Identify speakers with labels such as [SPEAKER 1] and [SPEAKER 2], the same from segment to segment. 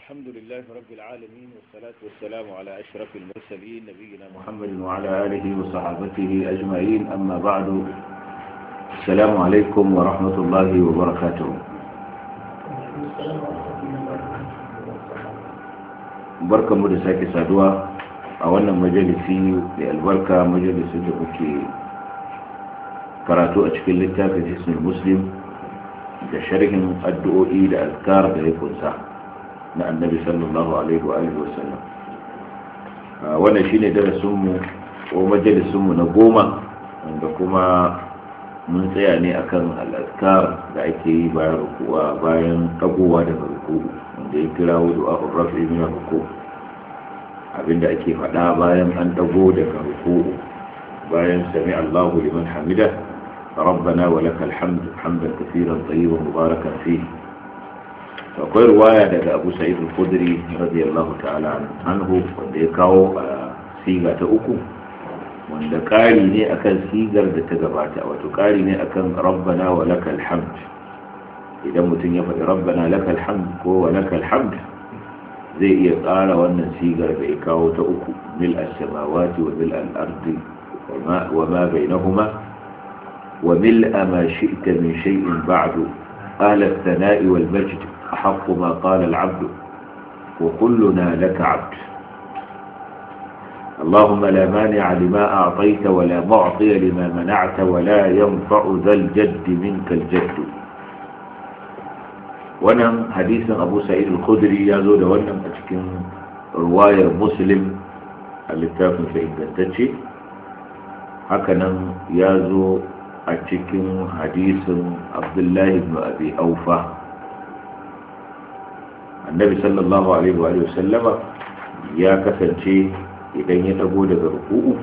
[SPEAKER 1] الحمد لله رب العالمين والصلاة والسلام على أشرف المرسلين نبينا محمد وعلى آله وصحابته أجمعين أما بعد السلام عليكم ورحمة الله وبركاته بركة مدساك سادوة أولا مجلسي للبركة مجلس جبكي قرأتو أشكل للتافي جسم المسلم da الدؤوئي addu'o'i da ساحب na annabi sallallahu alaihi wa alihi wasallam wannan shine darasin mu ko majalisin mu na goma wanda kuma mun tsaya ne akan al'adkar da ake yi bayan rukuwa bayan tagowa daga ruku wanda ya kira wudu a rafi min ruku abinda ake faɗa bayan an tago daga ruku bayan sami Allahu liman hamida ربنا ولك الحمد حمدا كثيرا طيبا مباركا فيه akwai ruwaya daga abu sa'id al-khudri radiyallahu ta'ala anhu wanda ya kawo a siga ta uku wanda ƙari ne akan sigar da ta gabata wato ƙari ne akan rabbana wa lakal hamd idan mutum ya faɗi rabbana lakal hamd ko wa lakal hamd zai iya ƙara wannan sigar da ya kawo ta uku mil as-samawati wa mil al-ardi wa ma bainahuma wa mil ma shi'ta min shay'in ba'du ahla ath-thana'i wal majd حق ما قال العبد وكلنا لك عبد اللهم لا مانع لما أعطيت ولا معطي لما منعت ولا ينفع ذا الجد منك الجد ونم حديث أبو سعيد الخدري يا زود ونم أتكلم رواية مسلم اللي الاتفاق في إنجلتشي هكذا يا زود أتكلم حديث عبد الله بن أبي أوفى annabi sallallahu alaihi wa sallama ya kasance idan ya tago daga ruku'u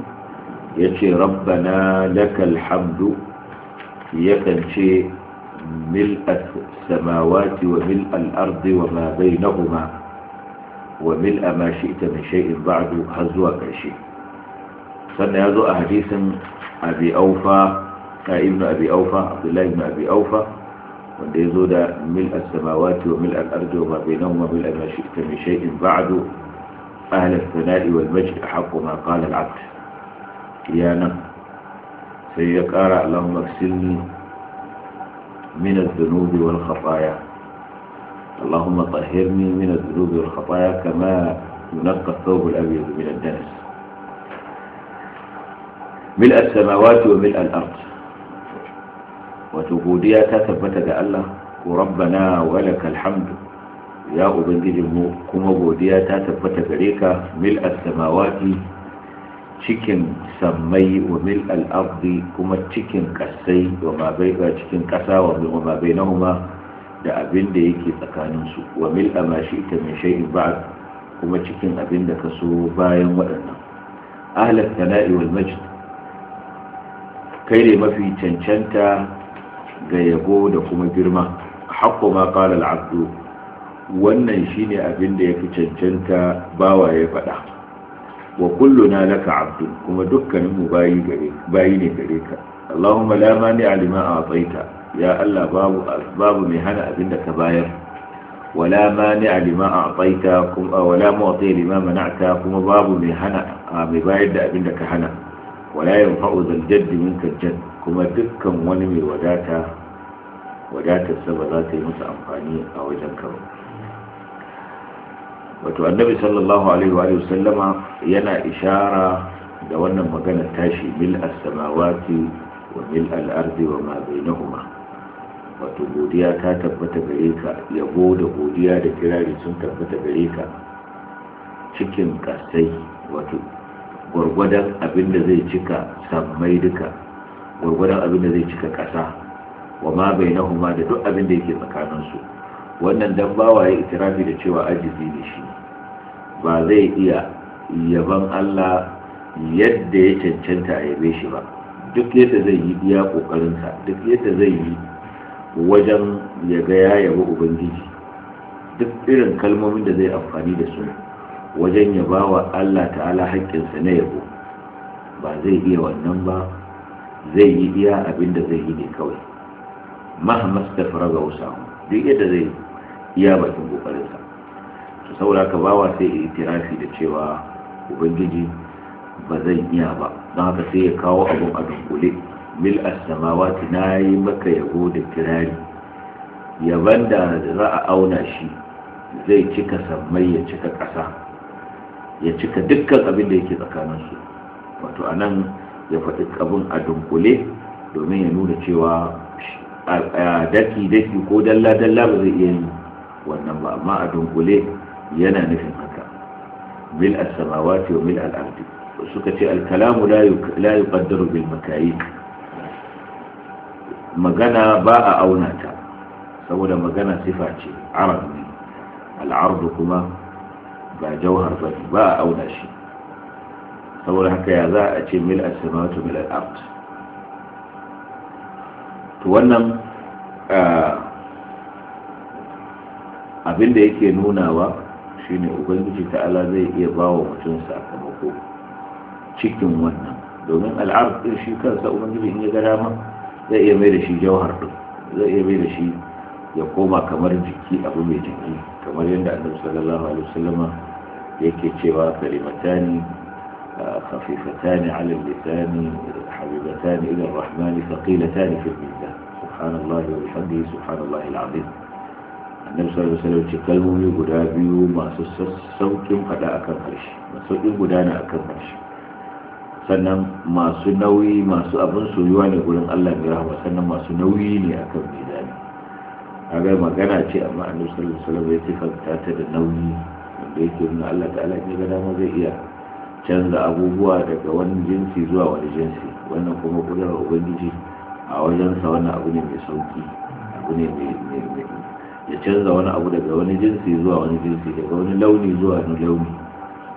[SPEAKER 1] ya ce rabbana lakal hamdu yakan ce mil samawati wa mil ardi wa ma bainahuma wa mil amashi ita min shay'in ba'du har zuwa karshe sannan ya zo a hadisin abi aufa ibnu abi aufa abdullahi ibnu abi aufa wanda ya zo da mil as-samawati wa mil al-ardi wa ma bainahuma أهل الثناء والمجد أحق ما قال العبد يا نم سيقارى اللهم اغسلني من الذنوب والخطايا اللهم طهرني من الذنوب والخطايا كما ينقى الثوب الأبيض من الدنس ملء السماوات وملء الأرض wato godiya ta tabbata ga Allah ko rabbana wa lakal hamdu ya ubangijinmu kuma godiya ta tabbata gare ka mil as-samawati cikin sammai wa mil al-ardi kuma cikin kasai wa ma bai cikin kasa wa ma bainahuma da abin da yake tsakanin su wa mil amashi ta min shay'in ba'd kuma cikin abin da ka so bayan waɗannan ahlat sana'i wal majd kai ne mafi cancanta ga yabo da kuma girma haqqu ma qala al-abdu wannan shine abin da yafi cancanta bawa ya faɗa wa kulluna laka abdu kuma dukkaninmu mu bayi gare bayi ne gare ka Allahumma la mani'a a a'taita ya Allah babu babu mai hana abin da ka bayar wala mani'a a a'taita kuma wala mu'ti lima mana'ta kuma babu mai hana mai bayar da abin da ka hana wala yanfa'u fa'uzar jaddi minka jadd kuma dukkan wani mai wadata wadatarsa ba za ta yi musu amfani a wajen ka wato annabi sallallahu alaihi wa sallama yana ishara da wannan magana tashi mil as-samawati wa mil al wa ma bainahuma wato godiya ta tabbata gare ka yabo da godiya da kirari sun tabbata gare ka cikin kasai wato gwargwadon abin da zai cika sammai duka gwargwadon abin da zai cika ƙasa wa ma bai na huma da duk abin da yake tsakaninsu wannan dan bawa ya itirafi da cewa ajizi ne shi ba zai iya yaban Allah yadda ya cancanta a yabe shi ba duk yadda zai yi biya kokarinsa duk yadda zai yi wajen ya ga ya yabi ubangiji duk irin kalmomin da zai amfani da su wajen ya ba wa Allah ta'ala haƙƙinsa na yabo ba zai iya wannan ba zai yi iya abin da zai yi ne kawai mahammas da faraga wasu duk yadda zai iya bakin kokarinsa to saboda ka bawa sai itirafi da cewa ubangiji ba zan iya ba don haka sai ya kawo abun a dunkule mil samawati na yi maka yabo da kirari yaban da za a auna shi zai cika sammai ya cika ƙasa ya cika dukkan abin da yake tsakaninsu wato a nan ya faɗi abin a dunkule domin ya nuna cewa daki-daki ko dalla-dalla ba zai iya yi wannan ba amma a dunkule yana nufin haka mil a samawati wa mil al-ardi suka ce al-kalamu la yuqaddaru bil makayi magana ba a auna ta saboda magana sifa ce arab ne al kuma ba jauhar ba ba a auna shi saboda haka ya za a ce mil a samatu mil al'abd to wannan abin da yake nunawa shine ubangiji ta'ala zai iya ba wa mutum sakamako cikin wannan domin al'ar din shi kansa ubangiji in ya ga dama zai iya mai da shi jauhar ɗin zai iya mai da shi ya koma kamar jiki abu mai jiki kamar yadda annabi sallallahu alaihi wasallama yake cewa kalimatani خفيفتان على اللسان حبيبتان إلى الرحمن ثقيلتان في الميزان سبحان الله وبحمده سبحان الله العظيم النبي صلى الله عليه وسلم تقال مهمي قدا بيو ما سسس صوت قد أكم هرش ما سوت قدانا أكم هرش سنم ما سنوي ما سأبن سويواني قلن الله مراه وسنم ما سنويني أكم ميزان أغير ما قنا تي أما النبي صلى الله عليه وسلم يتفق تاتد النوي من بيته من الله تعالى إني قدام ذي canza abubuwa daga wani jinsi zuwa wani jinsi wannan kuma kudurar ubangiji a wajensa wannan abu ne mai sauki abu ne mai ya canza wani abu daga wani jinsi zuwa wani jinsi daga wani launi zuwa wani launi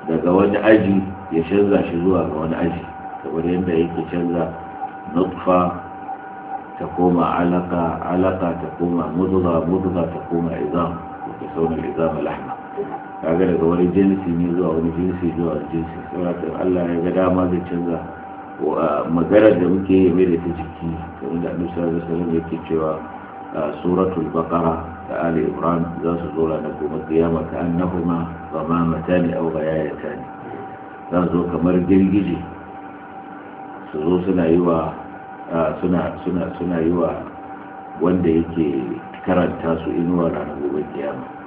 [SPEAKER 1] daga wani aji ya canza shi zuwa ga wani aji kamar yadda yake canza nutfa ta koma alaka alaka ta koma mudura mudura ta koma izam ko ta sauna izam lahma kaga daga wani jinsi ne zuwa wani jinsi zuwa wani jinsi saboda Allah ya ga dama da canza maganar da muke yi mai da ta jiki kamar da Annabi sallallahu alaihi wasallam yake cewa suratul baqara da ali ibrahim za su zo ranar gobe kiyama ka annahuma ghamamatan aw ghayayatan za su zo kamar girgije su zo suna yi wa suna suna suna yi wa wanda yake karanta su inuwa ranar gobe kiyama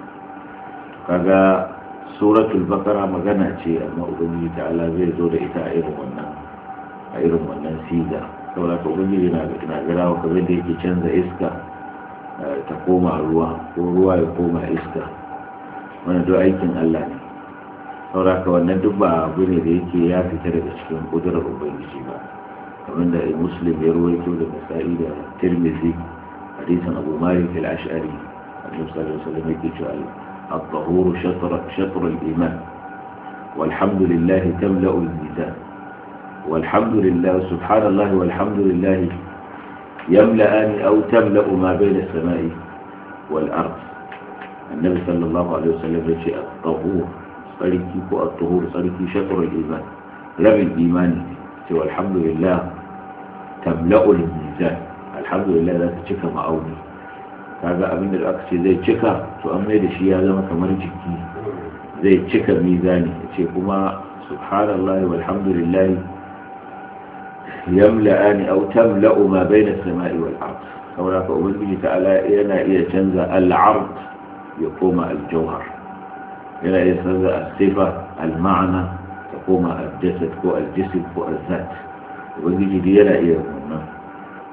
[SPEAKER 1] kaga suratul bakara magana ce amma ubangiji ta ala zai zo da ita a irin wannan a irin wannan siga saboda ka ubangiji na na gara wa kamar da yake canza iska eh, ta koma ruwa ko ruwa ya koma iska wannan duk aikin Allah ne saboda ka wannan duk ba abu ne da yake ya fita daga cikin kudurar ubangiji ba kamar da muslim ya ruwaito da nasa'i da tirmidhi hadisin abu malik al-ash'ari annabi sallallahu alaihi wasallam yake cewa الطهور شطر, شطر الإيمان والحمد لله تملأ الميزان والحمد لله سبحان الله والحمد لله يملأان أو تملأ ما بين السماء والأرض النبي صلى الله عليه وسلم يقول الطهور tsarki ko a tuhur tsarki shakarul iman rabin imani cewa alhamdulillah tamla'ul mizan alhamdulillah za ta cika kaga abin da aka ce zai cika to an mai da shi ya zama kamar jiki zai cika mizani ce kuma subhanallah walhamdulillah yamla'ani aw tamla'u ma bayna as-sama'i wal ard saboda ka ubangiji ta ala yana iya canza al-ard ya koma al-jawhar yana iya canza as-sifa al-ma'na ta koma al-jasad ko al-jism ko al-zat ubangiji yana iya wannan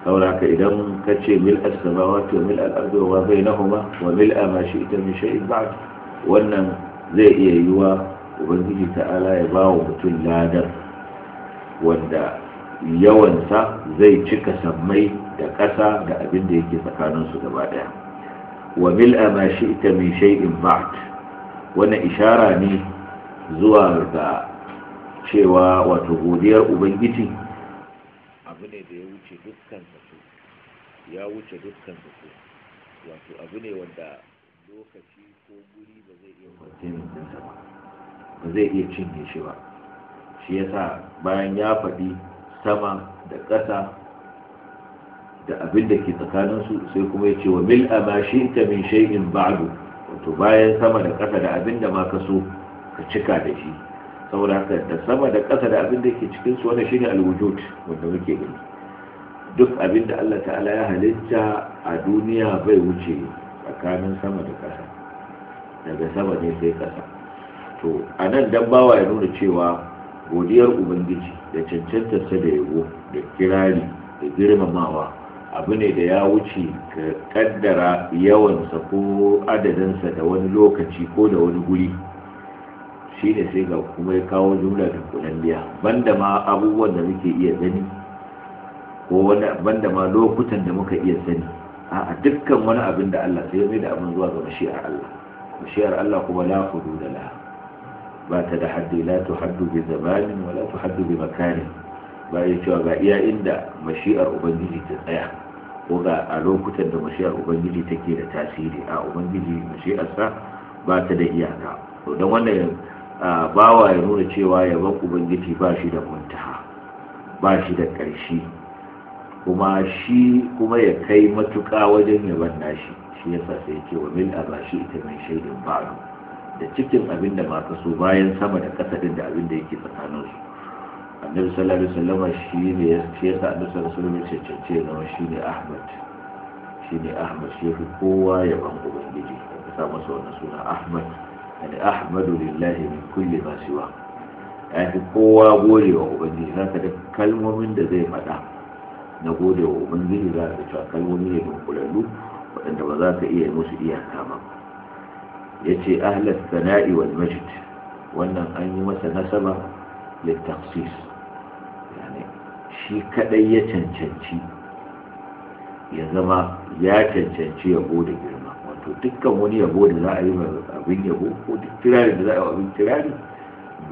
[SPEAKER 1] saboda haka idan ka ce mil as-samawati wa mil al bai na bainahuma wa mil ma ita mai shay'in ba'd wannan zai iya yiwa ubangiji ta'ala ya ba wa mutum ladar wanda yawansa zai cika sammai da ƙasa da abin da yake tsakaninsu gaba ɗaya wa mil ma shi'ta min shay'in ba'd wannan ishara ne zuwa ga cewa wato godiyar ubangiji ya wuce dukkan zato wato abu ne wanda lokaci ko guri ba zai iya kwantenin ɗinsa ba ba zai iya cinye shi ba shi ya sa bayan ya faɗi sama da ƙasa da abin da ke tsakaninsu sai kuma ya ce wa mil a mashin ta min shay'in ba'du wato bayan sama da ƙasa da abin da ma ka so ka cika da shi saboda haka da sama da ƙasa da abin da ke cikinsu wanda shi ne alwujud wanda muke gani duk abin da Allah ta'ala ya halitta a duniya bai wuce tsakanin sama da ƙasa daga sama ne sai ƙasa to a nan dan bawa ya nuna cewa godiyar ubangiji da cancantarsa da yabo da kirari da girmamawa abu ne da ya wuce ka kaddara yawansa ko adadinsa da wani lokaci ko da wani guri shi ne sai ga kuma ya kawo jumla da kunalliya banda ma abubuwan da muke iya gani ko wani abin da ma lokutan da muka iya sani a dukkan wani abin da Allah sai mai da abin zuwa ga mashi'ar Allah mashi'ar Allah kuma la hududa la ba ta da haddi la tuhaddu bi zamanin wa la tuhaddu bi makanin ba ya cewa ga iya inda mashi'ar ubangiji ta tsaya ko ga a lokutan da mashi'ar ubangiji take da tasiri a ubangiji mashi'arsa ba ta da iyaka to dan wannan bawa ya nuna cewa yabon ubangiji ba shi da muntaha ba shi da ƙarshe kuma shi kuma ya kai matuƙa wajen yaban nashi shi ya sa sai ce wa mil a shi ita mai shaidin ba'du da cikin abin da ba so bayan sama da ƙasa din da abin da yake tsakanin su annabi sallallahu alaihi wasallam shi ne ya ce sa annabi sallallahu alaihi wasallam ya cece na shi ne ahmad shi ne ahmad shi fi kowa ya ban ubangiji Ya sa masa wannan suna ahmad yani ahmadu lillahi min kulli ma siwa ya fi kowa gode wa ubangiji zaka da kalmomin da zai faɗa na gode wa ubangiji za ka cewa kalmomi ne dunkulallu waɗanda ba za ka iya musu iyaka ba ya ce ahlas sana'i wal majid wannan an yi masa nasaba littaksis shi kadai ya cancanci ya zama ya cancanci ya da girma wato dukkan wani yabo da za a yi abin yabo ko duk da za a yi abin tirari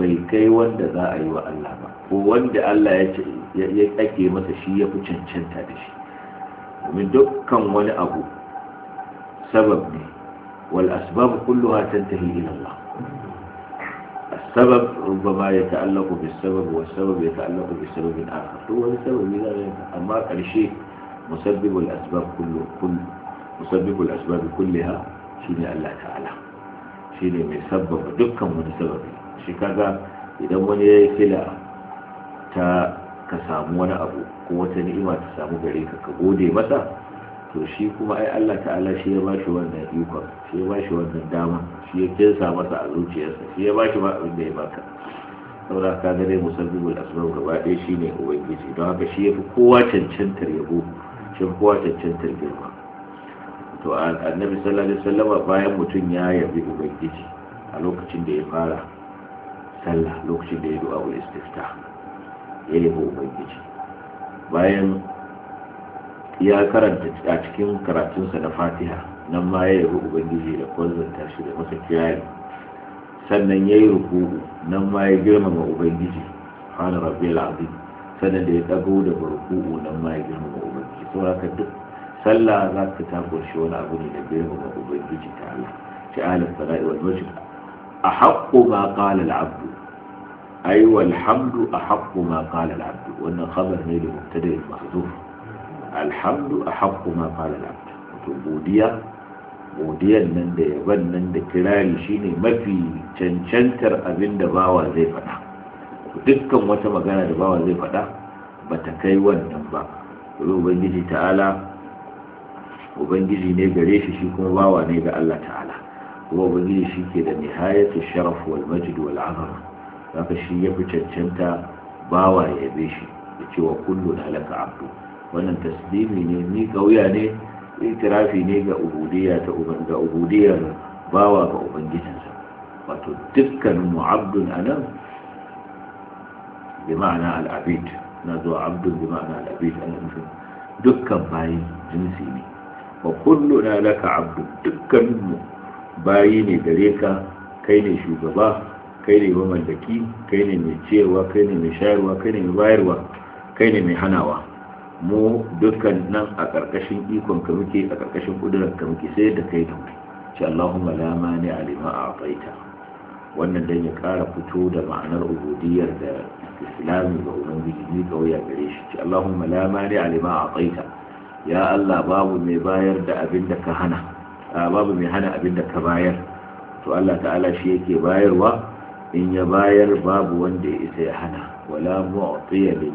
[SPEAKER 1] bai kai wanda za a yi wa Allah ba ko wanda Allah ya ake masa shi ya fi cancanta da shi domin dukkan wani abu sabab ne wal asbab kulluha tantahi ila Allah السبب ربما يتعلق بالسبب والسبب يتعلق بسبب آخر هو السبب إذا أما الشيء مسبب الأسباب كله كل مسبب الأسباب كلها شيني الله تعالى شيني من سبب دكا من سبب shi kaga idan wani ya yi kila ta ka samu wani abu ko wata ni'ima ta samu gare ka ka gode masa to shi kuma ai Allah ta'ala shi ya ba shi wannan ikon shi ya ba shi wannan dama shi ya kinsa masa a zuciyarsa shi ya ba shi ba abin da ya baka saboda ka gare musabbibul asbab gaba ɗaya shine ubangiji don haka shi ya fi kowa cancantar yabo shi kowa cancantar girma to annabi sallallahu alaihi wasallam bayan mutum ya yabi ubangiji a lokacin da ya fara sallah lokacin da ya du'a ul istifta ya yabo ubangiji bayan ya karanta a cikin karatunsa na fatiha nan ma ya yabo ubangiji da kwanzanta shi da masa kiyaye. sannan ya yi ruku nan ma ya girmama ubangiji hana rabbi azim sannan da ya dago da ruku nan ma ya girmama ubangiji saboda haka duk sallah za ka ta shi wani abu ne da girmama ubangiji ta Allah ta'ala da wal masjid a haƙƙo ma ƙala al'abdu ai walhamdu a haƙƙo ma ƙala al'abdu wannan khabar ne da mubtada mahzuf alhamdu a haƙƙo ma ƙala al'abdu to godiya godiyan nan da yaban nan da kirari shine mafi cancantar abinda da bawa zai faɗa dukkan wata magana da bawa zai faɗa ba ta kai wannan ba ubangiji ubangiji ne gare shi shi kuma bawa ne ga Allah ta'ala وبذي شيك ده نهاية الشرف والمجد والعظم فكشي يفتشن شمتا باوا يبيشي يتشوى كلنا لك عبد وانا تسليم ني قوي يعني اعترافي ني قا أبودية تأبن أبودية باوا قا أبن جنسا وتتكن معبد أنا بمعنى العبيد نزو عبد بمعنى العبيد أنا مثل دكا باين جنسيني وكلنا لك عبد دكا منه bayi ne gare ka kai ne shugaba kai ne mamallaki kai ne mai cewa kai ne mai shayarwa kai ne mai bayarwa kai ne mai hanawa mu dukkan nan a ƙarƙashin ikon ka muke a ƙarƙashin ƙudurar ka muke sai da kai da mu ce Allahumma la mani alima a abaita wannan dan ya ƙara fito da ma'anar ubudiyar da islami ga ubangiji ni ga waya gare shi ce Allahumma la mani alima a abaita ya Allah babu mai bayar da abin da ka hana babu mai hana abin da ka bayar to Allah ta'ala shi yake bayarwa in ya bayar babu wanda ya isa ya hana wala mu'tiya